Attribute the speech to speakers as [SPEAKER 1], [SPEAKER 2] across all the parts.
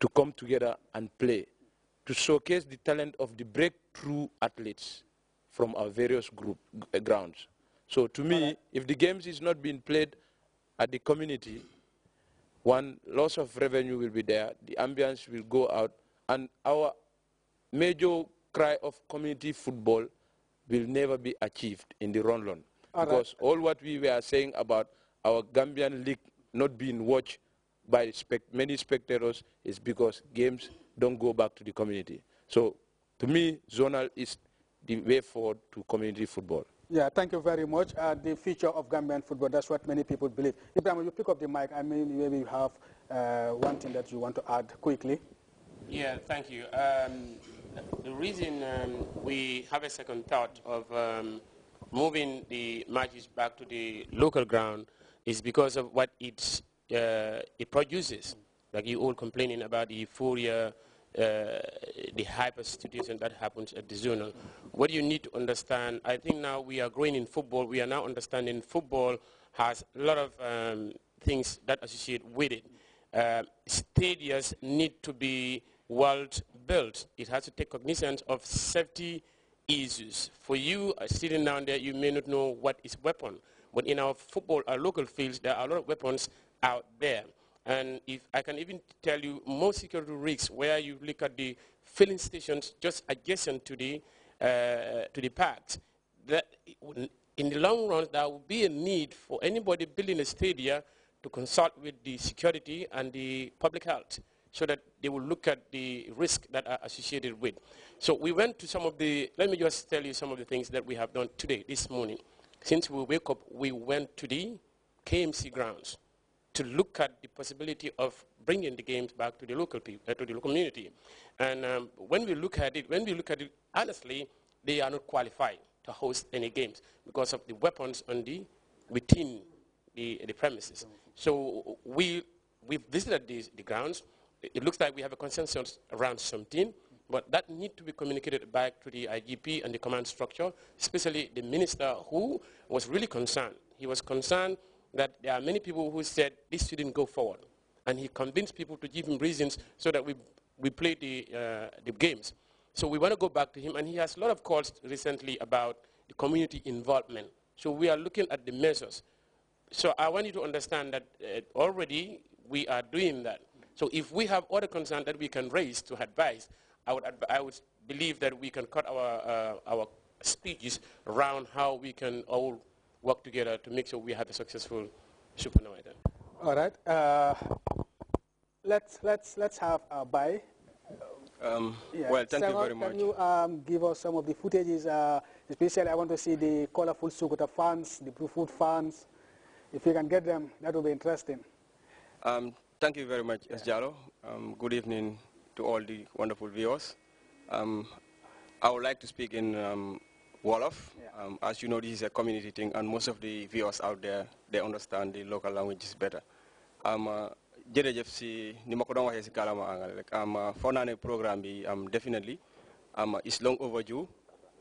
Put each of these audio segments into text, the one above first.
[SPEAKER 1] to come together and play, to showcase the talent of the breakthrough athletes from our various group uh, grounds. So to me, if the games is not being played at the community, one, loss of revenue will be there, the ambience will go out, and our major cry of community football will never be achieved in the run run. All because right. all what we were saying about our Gambian league not being watched by spect many spectators is because games don't go back to the community. So to me, zonal is the way forward to community football.
[SPEAKER 2] Yeah, thank you very much. Uh, the future of Gambian football, that's what many people believe. Ibrahim, you pick up the mic. I mean, maybe you have uh, one thing that you want to add quickly.
[SPEAKER 1] Yeah, thank you. Um, the reason um, we have a second thought of um, moving the matches back to the local ground is because of what it's uh, it produces. Like you all complaining about the euphoria, uh, the hyper-situation that happens at the zonal. What you need to understand, I think now we are growing in football. We are now understanding football has a lot of um, things that associate with it. Uh, stadiums need to be well built. It has to take cognizance of safety issues. For you uh, sitting down there, you may not know what is weapon. But in our football, our local fields, there are a lot of weapons out there. And if I can even tell you more security risks where you look at the filling stations just adjacent to the, uh, to the parks, that in the long run, there will be a need for anybody building a stadium to consult with the security and the public health so that they will look at the risk that are associated with. So we went to some of the, let me just tell you some of the things that we have done today, this morning. Since we wake up, we went to the KMC grounds to look at the possibility of bringing the games back to the local people, uh, to the community. And um, when we look at it, when we look at it honestly, they are not qualified to host any games because of the weapons on the within the, the premises. So we we visited the, the grounds. It looks like we have a consensus around something, but that needs to be communicated back to the IGP and the command structure, especially the minister who was really concerned. He was concerned that there are many people who said this shouldn't go forward. And he convinced people to give him reasons so that we, we play the, uh, the games. So we want to go back to him. And he has a lot of calls recently about the community involvement. So we are looking at the measures. So I want you to understand that uh, already we are doing that. So if we have other concerns that we can raise to advise, I would, I would believe that we can cut our, uh, our speeches around how we can all work together to make sure we have a successful Supernova.
[SPEAKER 2] All right. Uh, let's let's let's have a uh, bye. Um, yeah. Well, thank Sarah, you very much. Can you um, give us some of the footages? Uh, especially, I want to see the colorful Sukota fans, the blue food fans. If you can get them, that will be interesting.
[SPEAKER 3] Um, thank you very much, yeah. Esjalo. Um, good evening to all the wonderful viewers. Um, I would like to speak in um, Wolof. Yeah. Um, as you know, this is a community thing, and most of the viewers out there, they understand the local languages better. I'm um, uh, si ni ma ko doon waxee si kàllaama angal am um, uh, foog naa programme bi am um, definitely am It's long overdue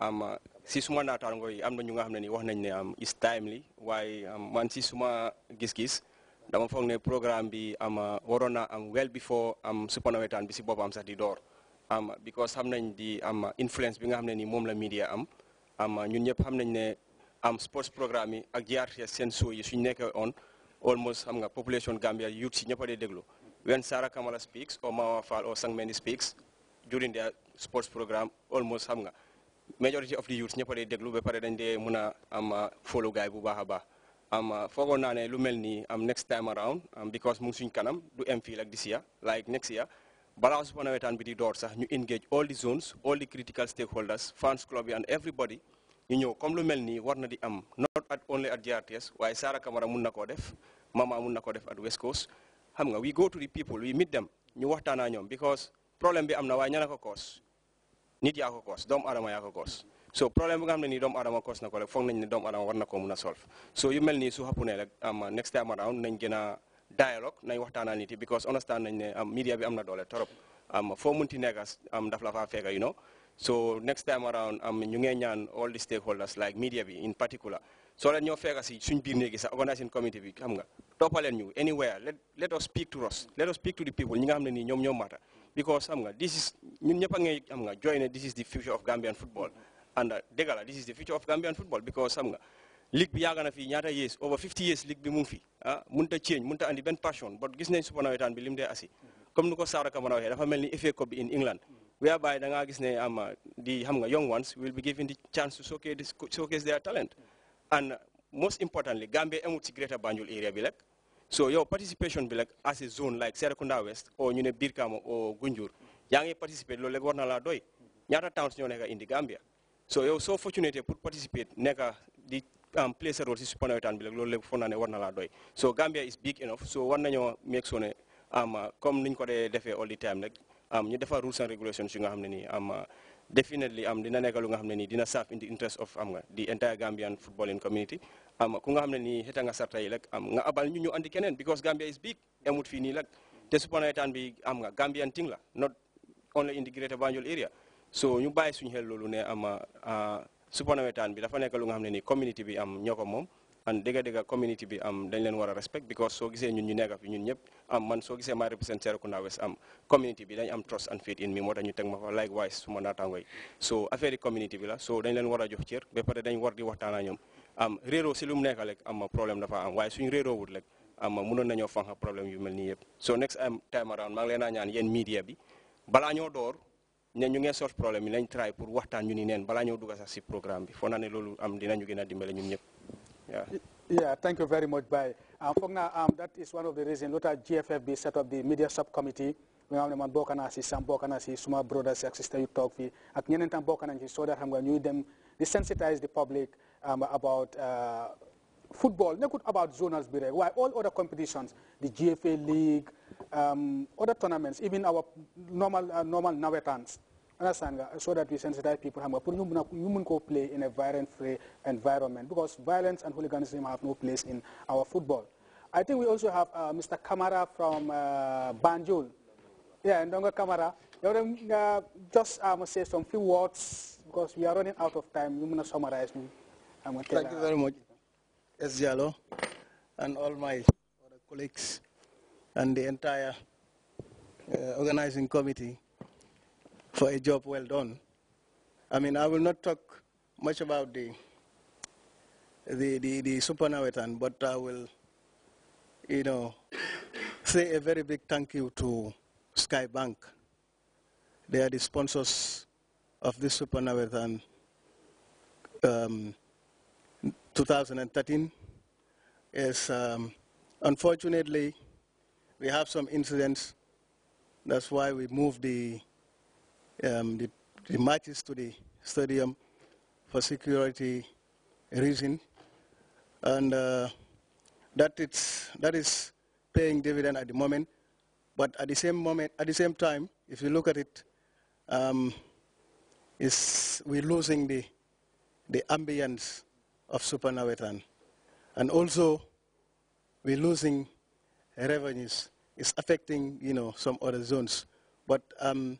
[SPEAKER 3] am uh, si suma naataango yi am na ñu nga xam ne ni wax nañ ne am is timely waaye man si suma gis-gis dama foog ne programme bi am waroon na am well before am supa nawetaan bi si boppam sax di door am because xam nañ di am influence bi nga xam ne ni moom la media am am ñun ñëpp xam nañ ne am sports programme yi ak GRTS seen show yi suñ nekkee on almost xam nga population Gambia youth si ñëpp a dee déglu when Sara Kamala speaks or Mawa Fall or Sangmeni speaks during their sports programme almost xam nga majority of the youth ñëpp a dee déglu ba pare dañ dee mun a am uh, follow gaay bu baax a baax am uh, foogoon naa ne lu mel nii am next time around because mu ngi suñ kanam du em fii like this year like next year balaa su fa nawetaan bi di door sax ñu engage all the zones all the critical stakeholders fans club and everybody ñu ñëw comme lu mel nii war na di am not at only at GRTS waaye Sara Camara mun na def Mama mun na def at West Coast xam nga we go to the people we meet them ñu waxtaanaa ñoom because problem bi am na waaye ña na ko koos nit yaa ko koos doomu aadama yaa ko koos so problem bi nga xam dom adama doomu aadama koos na ko rek foog nañ ne doomu aadama war na koo solve so yu mel nii su xappu ne rek am next time around nañ gën dialogue nañ waxtaanal nit yi because understand nañ ne am um, media bi am na doole torop am um, foo munti i am um, daf la faa fega you know so next time around am ñu ngee ñaan all the stakeholders like media bi in particular So leen ñoo fega si suñ biir néegi sax organising committee bi xam nga toppaleen ñu anywhere let let us speak to us let us speak to the people ñi nga xam ne nii because xam nga this is ñun ñëpp a xam nga join. this is the future of Gambian football and uh, dëgg this is the future of Gambian football because xam nga ligue bi yaaga na ñaata yees over 50 years league bi mu fi ah munta change munta a andi benn passion but gis nañ suba nawetaan bi lim dee asi comme ni ko Saara Kamara waxee dafa mel ni FA Cup bi in England whereby da ngaa gis ne am ah, di xam nga young ones will be given the chance to showcase showcase their talent and most importantly Gambia amut si Greater Banjul area bi rek so your participation bi rek as a zone like Serekunda West or ñu ne Birkama o Gunjur yaa ngi participer loolu rek war na laa doy ñaata towns ñoo nekk indi Gambia so you're so fortunate to participate di play sa rôle si supranawetaan bi rek loolu lépp foog naa ne war na laa doy so Gambia is big enough so war nañoo meeg soo ne am um, uh, comme niñ ko dee all the time rek am um, ñu defar rules and regulations yi nga xam ne am um, uh, definitely am dina nekk lu nga xam ne nii dina serve in the interest of am nga uh, the entire Gambian footballing community am ku nga xam ne nii xeta nga sarta yi rek am nga abal ñu ñu andi keneen because Gambia is big emut fii nii rek te supranawetaan bi am nga Gambian thing la not only in the greater Banjul area so ñu bàyyi suñu xel loolu ne ama super nawetaan bi dafa nekk lu nga xam ne ni community bi am ñoo ko and dëgga dëgga community bi am dañ leen war respect because so gisee ñun ñu nekk fi ñun ñëpp am man soo gisee ma represent Serekunda West am community bi dañ am trust and faith in me moo tax ñu teg ma fa likewise suma naataangoo so affaire yi community bi la so dañ leen war a jox cër ba pare dañ war di waxtaan ak ñoom am réeroo si lu mu nekk rek am problème dafa am waaye suñu réeroo wut rek am mënoon nañoo fanxa problème yu mel nii yëpp so next time around maa ngi leen a ñaan yéen media bi balaa ñoo door ñu sort problème try pour waxtaan ñu ni neen sax programme bi ne am dinañu dimbale ñun ñëpp
[SPEAKER 2] Yeah, thank you very much, Bye. Um, Fogna, um, that is one of the reasons Lota GFFB set up the media committee. We have man bokana sam bokana suma brothers and sister you talk fi ak ñeneen tam bokana ci so that xam nga ñuy dem sensitise the public um, about uh, football nekkut about zonas bi Why all other competitions the GFA league um, other tournaments even our normal uh, normal nawetans understand so that we sensitize people xam nga pour play in a violent free environment because violence and hooliganism have no place in our football I think we also have uh, Mr. Kamara from uh, Banjul yeah Ndongo Kamara yow just ma um, say some few words because we are running out of time You mun to summarize me. Thank you
[SPEAKER 4] very much. Esjalo, and all my colleagues and the entire uh, organizing committee for a job well done. I mean, I will not talk much about the the, the, the supernavitan, but I will, you know, say a very big thank you to Skybank. They are the sponsors of this supernavitan um, 2013 is um, unfortunately we have some incidents. That's why we moved the, um, the, the matches to the stadium for security reason. And uh, that, it's, that is paying dividend at the moment. But at the same moment, at the same time, if you look at it, um, we're losing the, the ambience of supernawetan. And also, we're losing revenues. It's affecting, you know, some other zones. But um,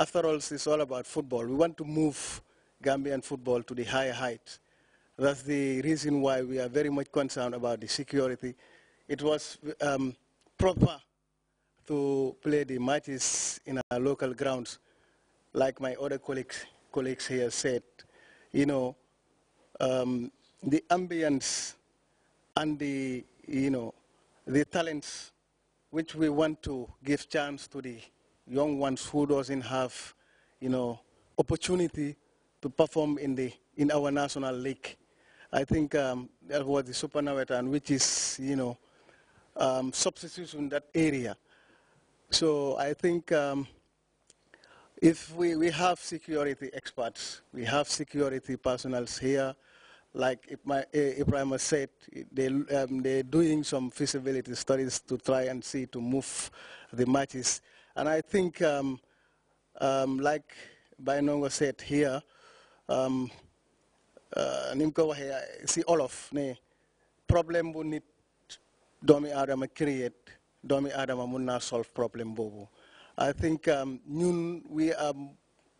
[SPEAKER 4] after all, it's all about football. We want to move Gambian football to the higher heights. That's the reason why we are very much concerned about the security. It was um, proper to play the matches in our local grounds, like my other colleagues, colleagues here said. You know, um, the ambience and the, you know, the talents which we want to give chance to the young ones who doesn't have, you know, opportunity to perform in, the, in our national league. I think um, that was the supernavetan, which is, you know, um, substitution in that area. So I think um, if we, we have security experts, we have security personnel here, like Ibrahim eh, said, they, um, they're doing some feasibility studies to try and see to move the matches. And I think, um, um, like Bainongo said here, um, uh, here, see all of the problem we need Domi Adam create, Domi Adama Munna solve problem bobo. I think um, we are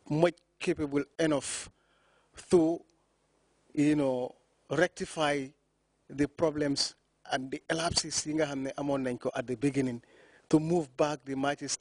[SPEAKER 4] much capable enough through you know rectify the problems and the elapses in nga at the beginning to move back the matches